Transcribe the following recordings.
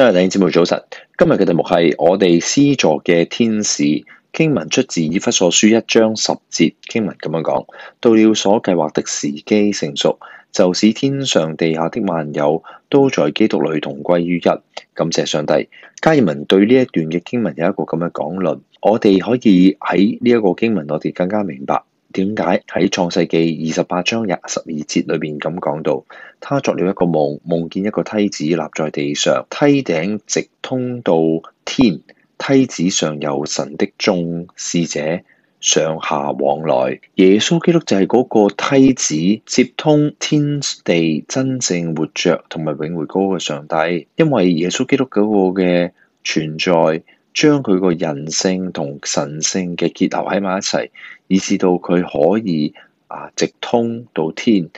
各位弟兄姊妹，早晨。今日嘅題目係我哋施助嘅天使。經文，出自以弗所書一章十節，經文咁樣講。到了所計劃的時機成熟，就使、是、天上地下的萬有都在基督裏同歸於一。感謝上帝。加爾文對呢一段嘅經文有一個咁嘅講論，我哋可以喺呢一個經文，我哋更加明白。點解喺創世記二十八章廿十二節裏面咁講到，他作了一個夢，夢見一個梯子立在地上，梯頂直通到天，梯子上有神的眾使者上下往來。耶穌基督就係嗰個梯子，接通天地真正活着同埋永回高嘅上帝。因為耶穌基督嗰個嘅存在，將佢個人性同神性嘅結合喺埋一齊。以至到佢可以啊直通到天，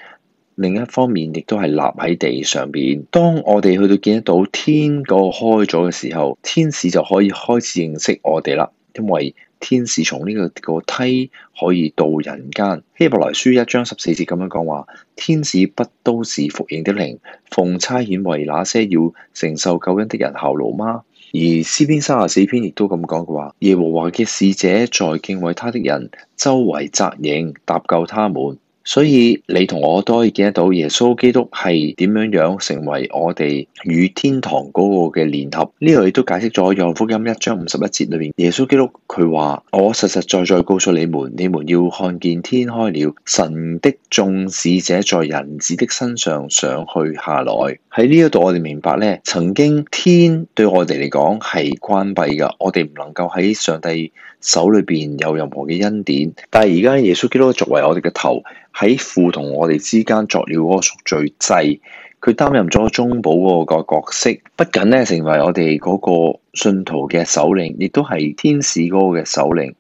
另一方面亦都係立喺地上邊。當我哋去到見得到天個開咗嘅時候，天使就可以開始認識我哋啦。因為天使從呢個個梯可以到人間。希伯來書一章十四節咁樣講話：天使不都是服役的靈，奉差遣為那些要承受救恩的人效勞嗎？而詩篇三十四篇亦都咁講嘅話，耶和華嘅使者在敬畏他的人周圍紮營，搭救他們。所以你同我都可以見得到，耶穌基督係點樣樣成為我哋與天堂嗰個嘅聯合。呢度亦都解釋咗《約翰福音》一章五十一節裏面，耶穌基督佢話：我實實在在告訴你們，你們要看見天開了，神的眾使者在人子的身上上去下來。喺呢一度，我哋明白咧，曾經天對我哋嚟講係關閉噶，我哋唔能夠喺上帝手裏邊有任何嘅恩典。但係而家耶穌基督作為我哋嘅頭。喺父同我哋之間作了嗰個贖罪祭，佢擔任咗中保個角色，不僅咧成為我哋嗰個信徒嘅首領，亦都係天使嗰個嘅首領，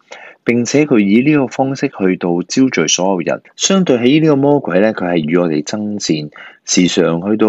並且佢以呢個方式去到招聚所有人。相對起呢個魔鬼咧，佢係與我哋爭戰，時常去到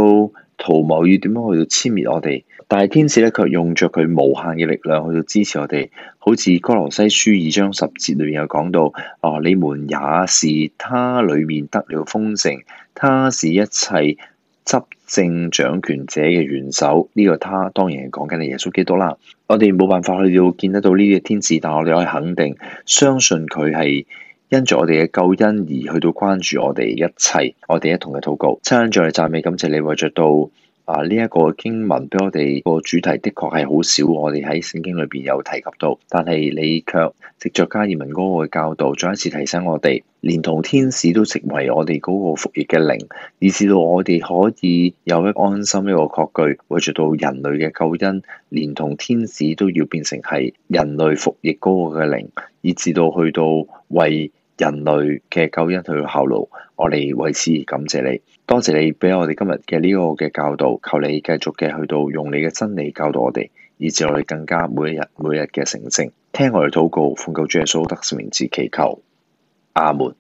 圖謀要點樣去到殲滅我哋。但係天使咧，卻用着佢無限嘅力量去到支持我哋。好似哥羅西書二章十節裏面有講到：哦，你們也是他裏面得了豐盛，他是一切執政掌權者嘅元首。呢、這個他當然係講緊啲耶穌基督啦。我哋冇辦法去到見得到呢啲天使，但係我哋可以肯定，相信佢係因著我哋嘅救恩而去到關注我哋一切，我哋一同嘅禱告，稱讚讚美，感謝你為着到。啊！呢、這、一個經文俾我哋個主題，的確係好少，我哋喺聖經裏邊有提及到。但係你卻藉著加爾文嗰個嘅教導，再一次提醒我哋，連同天使都成為我哋嗰個服役嘅靈，以至到我哋可以有一安心一個確據，為做到人類嘅救恩，連同天使都要變成係人類服役嗰個嘅靈，以至到去到為人類嘅救恩去效勞。我哋為此感謝你，多謝你俾我哋今日嘅呢個嘅教導，求你繼續嘅去到用你嘅真理教導我哋，以至我哋更加每一日每一日嘅成聖。聽我哋禱告，奉救主耶穌得勝名祈求，阿門。